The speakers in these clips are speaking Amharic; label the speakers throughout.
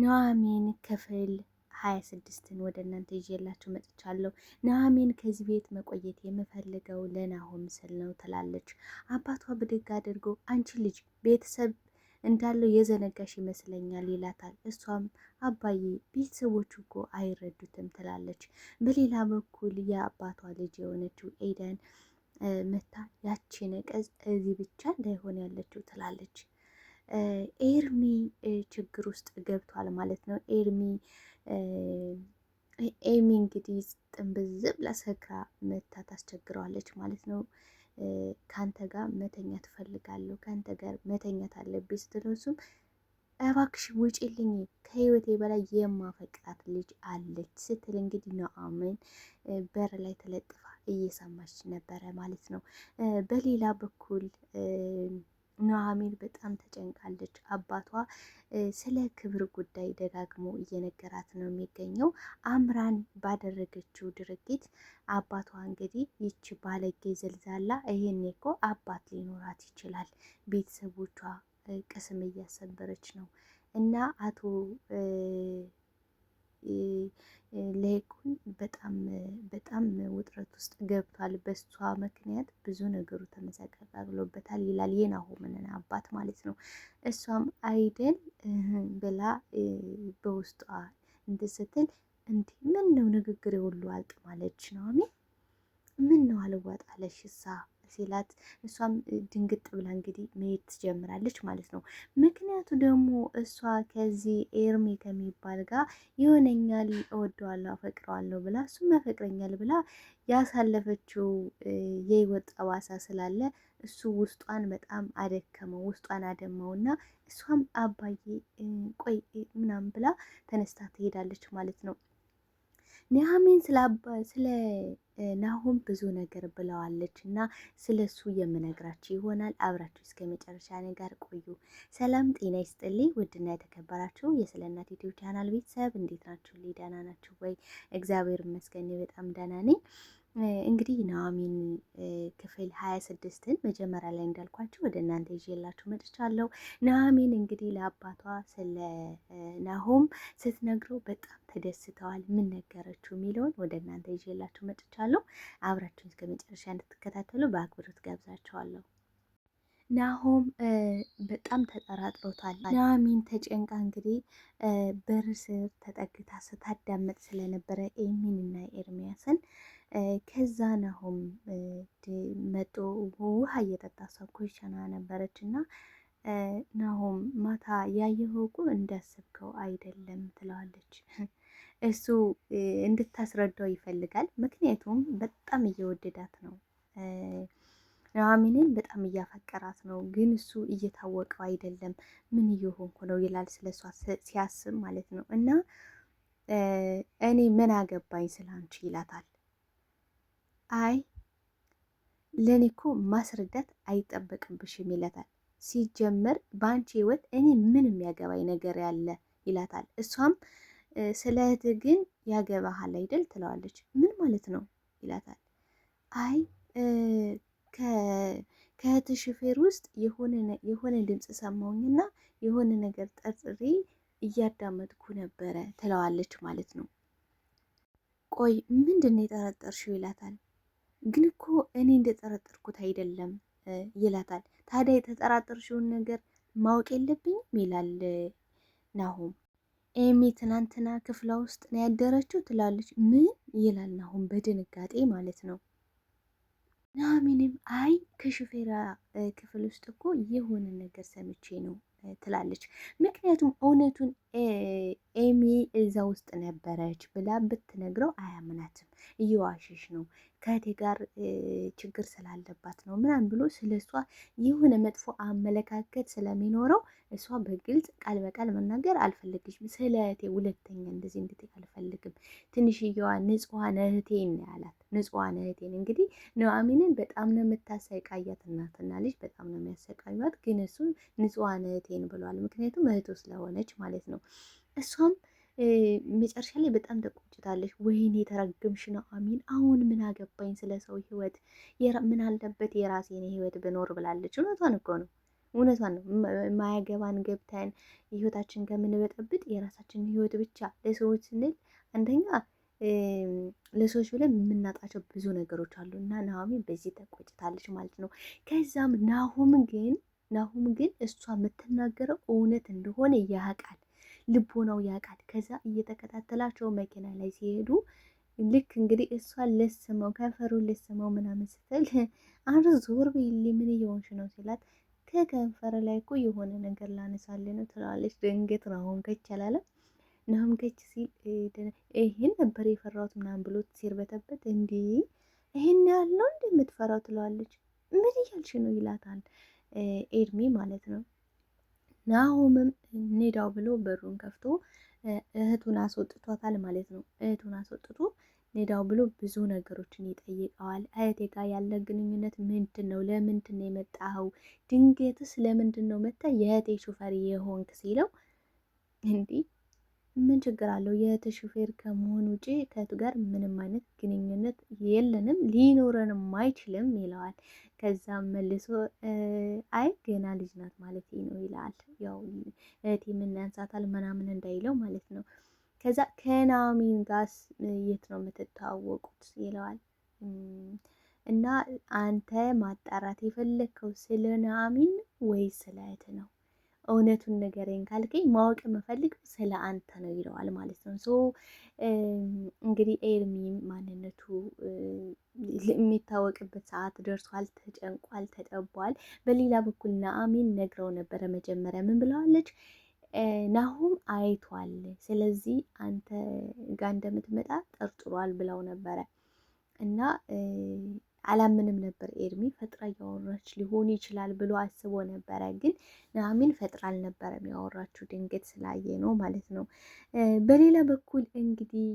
Speaker 1: ኑሐሚን ክፍል ሀያ ስድስትን ወደ እናንተ ይዤላችሁ መጥቻለሁ። ኑሐሚን ከዚህ ቤት መቆየት የምፈልገው ለናሆም ስል ነው ትላለች። አባቷ ብድግ አድርጎ አንቺ ልጅ ቤተሰብ እንዳለው የዘነጋሽ ይመስለኛል ይላታል። እሷም አባዬ ቤተሰቦቹ እኮ አይረዱትም ትላለች። በሌላ በኩል የአባቷ ልጅ የሆነችው ኤደን መታ ያቺ ነቀዝ እዚህ ብቻ እንዳይሆን ያለችው ትላለች። ኤርሚ ችግር ውስጥ ገብቷል ማለት ነው። ኤርሚ ኤሚ እንግዲህ ጥንብዝ ብላ ሰክራ መታ ታስቸግረዋለች ማለት ነው። ከአንተ ጋር መተኛ ትፈልጋለሁ፣ ከአንተ ጋር መተኛት አለብኝ ስትለው እሱም እባክሽ ውጪልኝ ከህይወቴ በላይ የማፈቅራት ልጅ አለች ስትል እንግዲህ ኑሐሚን በር ላይ ተለጥፋ እየሰማች ነበረ ማለት ነው። በሌላ በኩል ኑሐሚን በጣም ተጨንቃለች። አባቷ ስለ ክብር ጉዳይ ደጋግሞ እየነገራት ነው የሚገኘው። አምራን ባደረገችው ድርጊት አባቷ እንግዲህ ይቺ ባለጌ ዘልዛላ፣ ይሄኔ እኮ አባት ሊኖራት ይችላል፣ ቤተሰቦቿ ቅስም እያሰበረች ነው እና አቶ ለይኩን በጣም በጣም ውጥረት ውስጥ ገብቷል። በሷ ምክንያት ብዙ ነገሩ ተመሰቃቅሎበታል ይላል የናሆምን አባት ማለት ነው። እሷም አይደል ብላ በውስጧ እንትን ስትል እንዲህ ምን ነው ንግግር የሁሉ አልጥ ማለች ነው ምን ነው አልዋጣለሽ እሳ ሲላት እሷም ድንግጥ ብላ እንግዲህ መሄድ ትጀምራለች ማለት ነው። ምክንያቱ ደግሞ እሷ ከዚህ ኤርሜ ከሚባል ጋር ይሆነኛል፣ እወደዋለሁ፣ አፈቅረዋለሁ ብላ እሱም ያፈቅረኛል ብላ ያሳለፈችው የህይወት ጠባሳ ስላለ እሱ ውስጧን በጣም አደከመው፣ ውስጧን አደማው እና እሷም አባዬ ቆይ ምናምን ብላ ተነስታ ትሄዳለች ማለት ነው። ኒያሚን ስለ ናሆም ብዙ ነገር ብለዋለች እና ስለ እሱ የምነግራችሁ ይሆናል። አብራችሁ እስከ መጨረሻ እኔ ጋር ቆዩ። ሰላም ጤና ይስጥልኝ። ውድና የተከበራችሁ የስለ እናት ዩቲዩብ ቻናል ቤተሰብ እንዴት ናችሁ? ደህና ናችሁ ወይ? እግዚአብሔር ይመስገን በጣም ደህና ነኝ። እንግዲህ ኑሐሚን ክፍል ሀያ ስድስትን መጀመሪያ ላይ እንዳልኳችሁ ወደ እናንተ ይዤላችሁ መጥቻለሁ። ኑሐሚን እንግዲህ ለአባቷ ስለ ናሆም ስትነግረው በጣም ተደስተዋል። ምን ነገረችው የሚለውን ወደ እናንተ ይዤላችሁ መጥቻለሁ። አብራችሁን እስከ መጨረሻ እንድትከታተሉ በአክብሮት ጋብዛችኋለሁ። ናሆም በጣም ተጠራጥሮታል። ኑሐሚን ተጨንቃ እንግዲህ በር ስር ተጠግታ ስታዳመጥ ስለነበረ ኤሚንና ኤርሚያስን ከዛ ናሆም መጦ ውሃ እየጠጣ ሰው ኩሽና ነበረች እና ናሆም ማታ ያየኸው እኮ እንዳሰብከው አይደለም ትለዋለች። እሱ እንድታስረዳው ይፈልጋል። ምክንያቱም በጣም እየወደዳት ነው፣ ኑሐሚንን በጣም እያፈቀራት ነው። ግን እሱ እየታወቀው አይደለም። ምን እየሆንኩ ነው ይላል ስለ ሲያስብ ማለት ነው። እና እኔ ምን አገባኝ ስለ አንቺ ይላታል። አይ ለእኔ እኮ ማስረዳት አይጠበቅብሽም ይላታል። ሲጀመር በአንቺ ህይወት እኔ ምን የሚያገባኝ ነገር ያለ ይላታል። እሷም ስለ እህትህ ግን ያገባሃል አይደል ትለዋለች። ምን ማለት ነው ይላታል። አይ ከእህትህ ሹፌር ውስጥ የሆነ ድምፅ ሰማሁኝና የሆነ ነገር ጠርጥሬ እያዳመጥኩ ነበረ ትለዋለች ማለት ነው። ቆይ ምንድን ነው የጠረጠርሽው ይላታል። ግን እኮ እኔ እንደጠረጠርኩት አይደለም ይላታል። ታዲያ የተጠራጠርሽውን ነገር ማወቅ የለብኝም ይላል ናሁም። ኤሚ ትናንትና ክፍሏ ውስጥ ነው ያደረችው ትላለች። ምን ይላል ናሁም በድንጋጤ ማለት ነው። ናሚንም አይ ከሹፌራ ክፍል ውስጥ እኮ የሆነ ነገር ሰምቼ ነው ትላለች። ምክንያቱም እውነቱን ኤሚ እዛ ውስጥ ነበረች ብላ ብትነግረው አያምናትም። እየዋሸሽ ነው፣ ከእቴ ጋር ችግር ስላለባት ነው ምናምን ብሎ ስለ እሷ የሆነ መጥፎ አመለካከት ስለሚኖረው እሷ በግልጽ ቃል በቃል መናገር አልፈለገችም። ስለ እቴ ሁለተኛ እንደዚህ እንድትል አልፈልግም፣ ትንሽየዋ ንጹሐን እህቴን ያላት ንጹሐን እህቴን። እንግዲህ ኑሐሚንን በጣም ነው የምታሰቃያት፣ እናትና ልጅ በጣም ነው የሚያሰቃዩት። ግን እሱም ንጹሐን እህቴን ብሏል፣ ምክንያቱም እህቱ ስለሆነች ማለት ነው እሷም መጨረሻ ላይ በጣም ተቆጭታለች። ወይኔ የተረገምሽ ነው አሚን፣ አሁን ምን አገባኝ ስለ ሰው ህይወት፣ ምን አለበት የራሴን ህይወት ብኖር ብላለች። እውነቷን እኮ ነው እውነቷን ነው። ማያገባን ገብተን ህይወታችን ከምንበጠብጥ የራሳችንን ህይወት ብቻ ለሰዎች ስንል አንደኛ ለሰዎች ብለን የምናጣቸው ብዙ ነገሮች አሉ እና ናሆሚ በዚህ ተቆጭታለች ማለት ነው። ከዛም ናሆም ግን ናሆም ግን እሷ የምትናገረው እውነት እንደሆነ ያውቃል። ልቦናው ያውቃል። ከዛ እየተከታተላቸው መኪና ላይ ሲሄዱ ልክ እንግዲህ እሷን ልስመው ከንፈሩ ልስመው ምናምን ስትል አንዱ ዞር ብዬ ምን እየሆንሽ ነው ሲላት ከከንፈር ላይ እኮ የሆነ ነገር ላነሳል ነው ትላለች። ድንገት ናሆም ከች አላለም። ናሆም ከች ሲል ይህን ነበር የፈራሁት ምናምን ብሎ ሲርበተበት እንዲህ ይህን ያለው ነው የምትፈራው ትለዋለች። ምን እያልሽ ነው ይላታል ኤድሜ ማለት ነው። ናሆምም ኔዳው ብሎ በሩን ከፍቶ እህቱን አስወጥቷታል ማለት ነው። እህቱን አስወጥቶ ኔዳው ብሎ ብዙ ነገሮችን ይጠይቀዋል። እህቴ ጋር ያለ ግንኙነት ምንድን ነው? ለምንድን ነው የመጣኸው? ድንገትስ ለምንድን ነው መጥተህ የእህቴ ሹፈር የሆንክ ሲለው እንዲህ ምን ችግር አለው? የእህትሽ ሹፌር ከመሆን ውጪ ከእህቱ ጋር ምንም አይነት ግንኙነት የለንም ሊኖረንም አይችልም ይለዋል። ከዛም መልሶ አይ ገና ልጅ ናት ማለት ነው ይላል። ያው እህቴ ምን ያንሳታል ምናምን እንዳይለው ማለት ነው። ከዛ ከናሚን ጋርስ የት ነው የምትተዋወቁት? ይለዋል እና አንተ ማጣራት የፈለግከው ስለ ናሚን ወይ ስለ እህት ነው እውነቱን ንገረኝ ካልከኝ ማወቅ የምፈልግ ስለ አንተ ነው ይለዋል ማለት ነው። ሶ እንግዲህ ኤርሚ ማንነቱ የሚታወቅበት ሰዓት ደርሷል። ተጨንቋል፣ ተጠቧል። በሌላ በኩል ናአሚን ነግረው ነበረ መጀመሪያ ምን ብለዋለች? ናሁም አይቷል፣ ስለዚህ አንተ ጋር እንደምትመጣ ጠርጥሯል ብለው ነበረ እና አላምንም ነበር። ኤርሚ ፈጥራ እያወራች ሊሆን ይችላል ብሎ አስቦ ነበረ። ግን ኑሐሚን ፈጥራ አልነበረም ያወራችው፣ ድንገት ስላየ ነው ማለት ነው። በሌላ በኩል እንግዲህ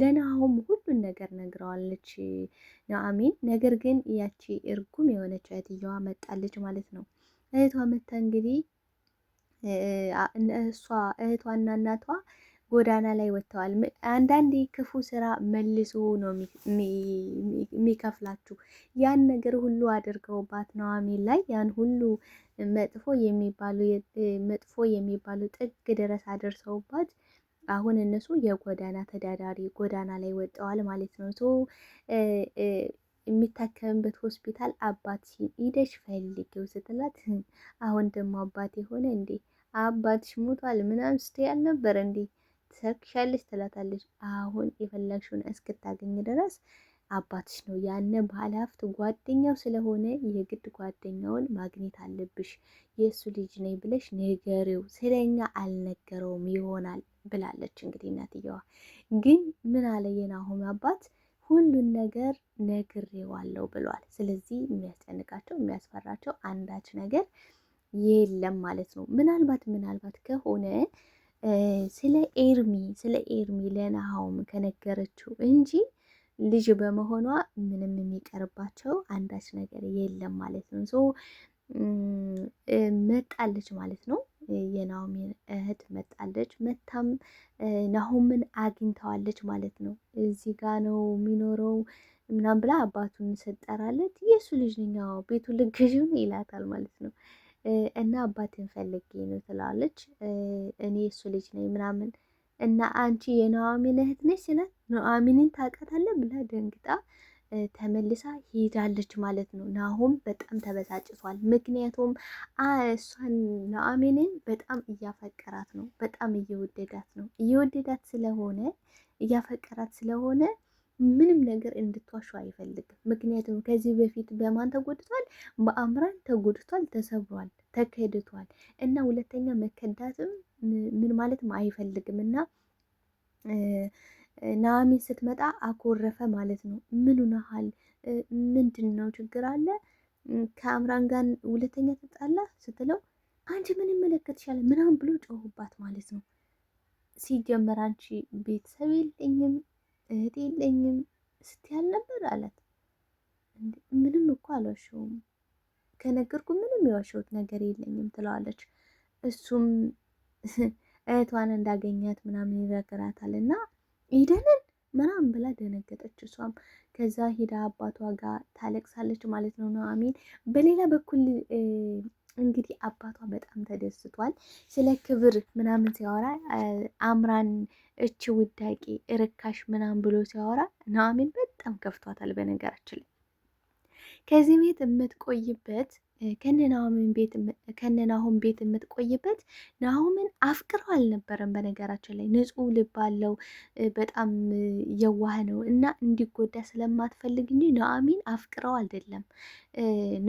Speaker 1: ለናሆም ሁሉን ነገር ነግረዋለች ኑሐሚን። ነገር ግን ያቺ እርጉም የሆነች እህትየዋ መጣለች ማለት ነው። እህቷ መታ እንግዲህ እሷ እህቷና እናቷ ጎዳና ላይ ወጥተዋል። አንዳንዴ ክፉ ስራ መልሶ ነው የሚከፍላችሁ። ያን ነገር ሁሉ አድርገውባት ኑሐሚን ላይ ያን ሁሉ መጥፎ የሚባሉ መጥፎ የሚባሉ ጥግ ድረስ አደርሰውባት አሁን እነሱ የጎዳና ተዳዳሪ ጎዳና ላይ ወጥተዋል ማለት ነው። ሶ የሚታከምበት ሆስፒታል አባት ሂደሽ ፈልጊው ስትላት አሁን ደግሞ አባት የሆነ እንዴ አባትሽ ሞቷል ምናምን ስትይ አልነበር እንዴ? ትሰርክሻለች ትላታለች። አሁን የፈለግሽውን እስክታገኝ ድረስ አባትሽ ነው ያነ ባለሀብት ጓደኛው ስለሆነ የግድ ጓደኛውን ማግኘት አለብሽ። የእሱ ልጅ ነኝ ብለሽ ንገሪው፣ ስለኛ አልነገረውም ይሆናል ብላለች። እንግዲህ እናትየዋ ግን ምን አለ የናሆም አባት ሁሉን ነገር ነግሬዋለሁ ብሏል። ስለዚህ የሚያስጨንቃቸው የሚያስፈራቸው አንዳች ነገር የለም ማለት ነው። ምናልባት ምናልባት ከሆነ ስለ ኤርሚ ስለ ኤርሚ ለናሆም ከነገረችው እንጂ ልጅ በመሆኗ ምንም የሚቀርባቸው አንዳች ነገር የለም ማለት ነው። ሶ መጣለች ማለት ነው። የናሆም እህት መጣለች። መታም ናሆምን አግኝተዋለች ማለት ነው። እዚህ ጋ ነው የሚኖረው ምናም ብላ አባቱን ሰጠራለት። የእሱ ልጅ ነኝ ቤቱ ልገዥን ይላታል ማለት ነው። እና አባትን ፈልጌ ነው ትላለች። እኔ እሱ ልጅ ነኝ ምናምን እና አንቺ የኑሐሚን እህት ነች ስላት ኑሐሚንን ታውቃታለህ ብላ ደንግጣ ተመልሳ ሄዳለች ማለት ነው። ናሆም በጣም ተበሳጭቷል። ምክንያቱም እሷን ኑሐሚንን በጣም እያፈቀራት ነው፣ በጣም እየወደዳት ነው። እየወደዳት ስለሆነ እያፈቀራት ስለሆነ ምንም ነገር እንድትዋሹ አይፈልግም። ምክንያቱም ከዚህ በፊት በማን ተጎድቷል? በአምራን ተጎድቷል፣ ተሰብሯል፣ ተከድቷል እና ሁለተኛ መከዳትም ምን ማለትም አይፈልግም እና ናኦሚን ስትመጣ አኮረፈ ማለት ነው። ምን ሆነሃል? ምንድን ነው ችግር አለ? ከአምራን ጋር ሁለተኛ ተጣላ ስትለው አንቺ ምን ይመለከትሻል ምናምን ብሎ ጮሁባት ማለት ነው። ሲጀመር አንቺ ቤተሰብ የለኝም እህት የለኝም ስትያል ነበር አላት። ምንም እኮ አልዋሸውም ከነገርኩ ምንም የዋሸሁት ነገር የለኝም ትለዋለች። እሱም እህቷን እንዳገኛት ምናምን ይነግራታል እና ሂደንን ምናምን ብላ ደነገጠች። እሷም ከዛ ሂዳ አባቷ ጋር ታለቅሳለች ማለት ነው ኑሐሚን በሌላ በኩል እንግዲህ አባቷ በጣም ተደስቷል። ስለ ክብር ምናምን ሲያወራ አምራን እች ውዳቂ ርካሽ ምናምን ብሎ ሲያወራ ኑሐሚን በጣም ከፍቷታል። በነገራችን ላይ ከዚህ ቤት የምትቆይበት ከነናሁን ቤት የምትቆይበት ናሁምን አፍቅረው አልነበረም። በነገራችን ላይ ንጹህ ልብ አለው፣ በጣም የዋህ ነው እና እንዲጎዳ ስለማትፈልግ እንጂ ናኦሚን አፍቅረው አይደለም።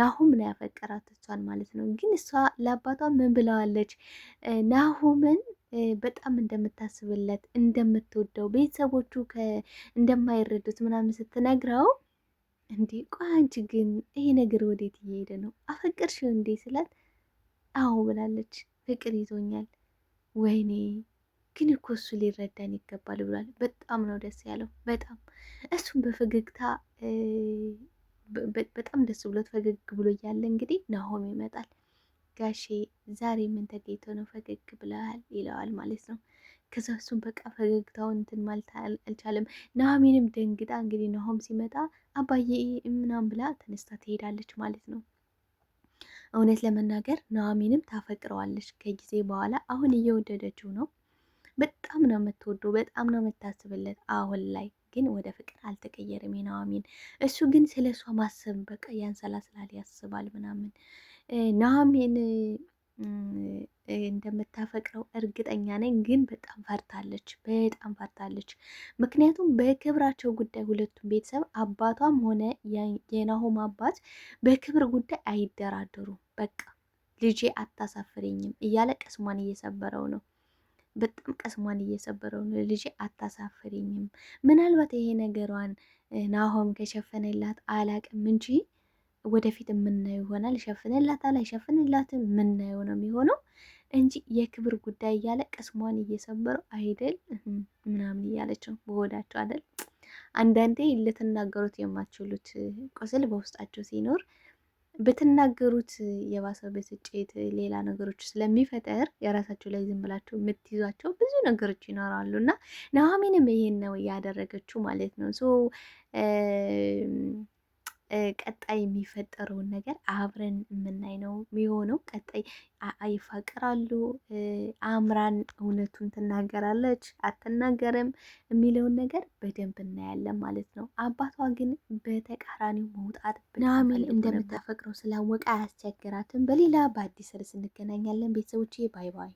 Speaker 1: ናሁም ነው ያፈቀራት እሷን ማለት ነው። ግን እሷ ለአባቷ ምን ብለዋለች? ናሁምን በጣም እንደምታስብለት እንደምትወደው ቤተሰቦቹ እንደማይረዱት ምናምን ስትነግረው እንዴ ቆይ አንቺ ግን ይሄ ነገር ወዴት እየሄደ ነው? አፈቅርሽው እንዴ ስላት አዎ ብላለች። ፍቅር ይዞኛል። ወይኔ ግን እኮ እሱ ሊረዳን ይገባል ብሏል። በጣም ነው ደስ ያለው። በጣም እሱም በፈገግታ በጣም ደስ ብሎት ፈገግ ብሎ እያለ እንግዲህ ናሆም ይመጣል። ጋሼ ዛሬ ምን ተገኝቶ ነው ፈገግ ብለሃል? ይለዋል ማለት ነው። ከዛ እሱም በቃ ፈገግታውን እንትን ማለት አልቻለም። ኑሐሚንም ደንግጣ እንግዲህ ናሆም ሲመጣ አባዬ ምናም ብላ ተነስታ ትሄዳለች ማለት ነው። እውነት ለመናገር ኑሐሚንም ታፈቅረዋለች። ከጊዜ በኋላ አሁን እየወደደችው ነው። በጣም ነው የምትወደው፣ በጣም ነው የምታስብለት። አሁን ላይ ግን ወደ ፍቅር አልተቀየረም የኑሐሚን። እሱ ግን ስለ እሷ ማሰብ በቃ ያንሰላስላል፣ ያስባል ምናምን ናሆምን እንደምታፈቅረው እርግጠኛ ነኝ፣ ግን በጣም ፈርታለች። በጣም ፈርታለች። ምክንያቱም በክብራቸው ጉዳይ ሁለቱም ቤተሰብ አባቷም ሆነ የናሆም አባት በክብር ጉዳይ አይደራደሩም። በቃ ልጄ አታሳፍረኝም እያለ ቀስሟን እየሰበረው ነው። በጣም ቀስሟን እየሰበረው ነው። ልጄ አታሳፍረኝም። ምናልባት ይሄ ነገሯን ናሆም ከሸፈነላት አላቅም እንጂ ወደፊት የምናየው ይሆናል። ይሸፍንላታል አይሸፍንላትም የምናየው ነው የሚሆነው እንጂ የክብር ጉዳይ እያለ ቅስሟን እየሰበረው አይደል ምናምን እያለች ነው በሆዳቸው አይደል። አንዳንዴ ልትናገሩት የማትችሉት ቁስል በውስጣቸው ሲኖር ብትናገሩት የባሰ ብስጭት፣ ሌላ ነገሮች ስለሚፈጠር የራሳቸው ላይ ዝም ብላቸው የምትይዟቸው ብዙ ነገሮች ይኖራሉ እና ኑሃሚንም ይሄን ነው እያደረገችው ማለት ነው ሶ ቀጣይ የሚፈጠረውን ነገር አብረን የምናይ ነው የሚሆነው። ቀጣይ ይፋቀራሉ፣ አምራን እውነቱን ትናገራለች አትናገርም የሚለውን ነገር በደንብ እናያለን ማለት ነው። አባቷ ግን በተቃራኒው መውጣት ኑሃሚን እንደምታፈቅረው ስላወቀ አያስቸግራትም። በሌላ በአዲስ ርዕስ እንገናኛለን። ቤተሰቦቼ ባይ ባይ።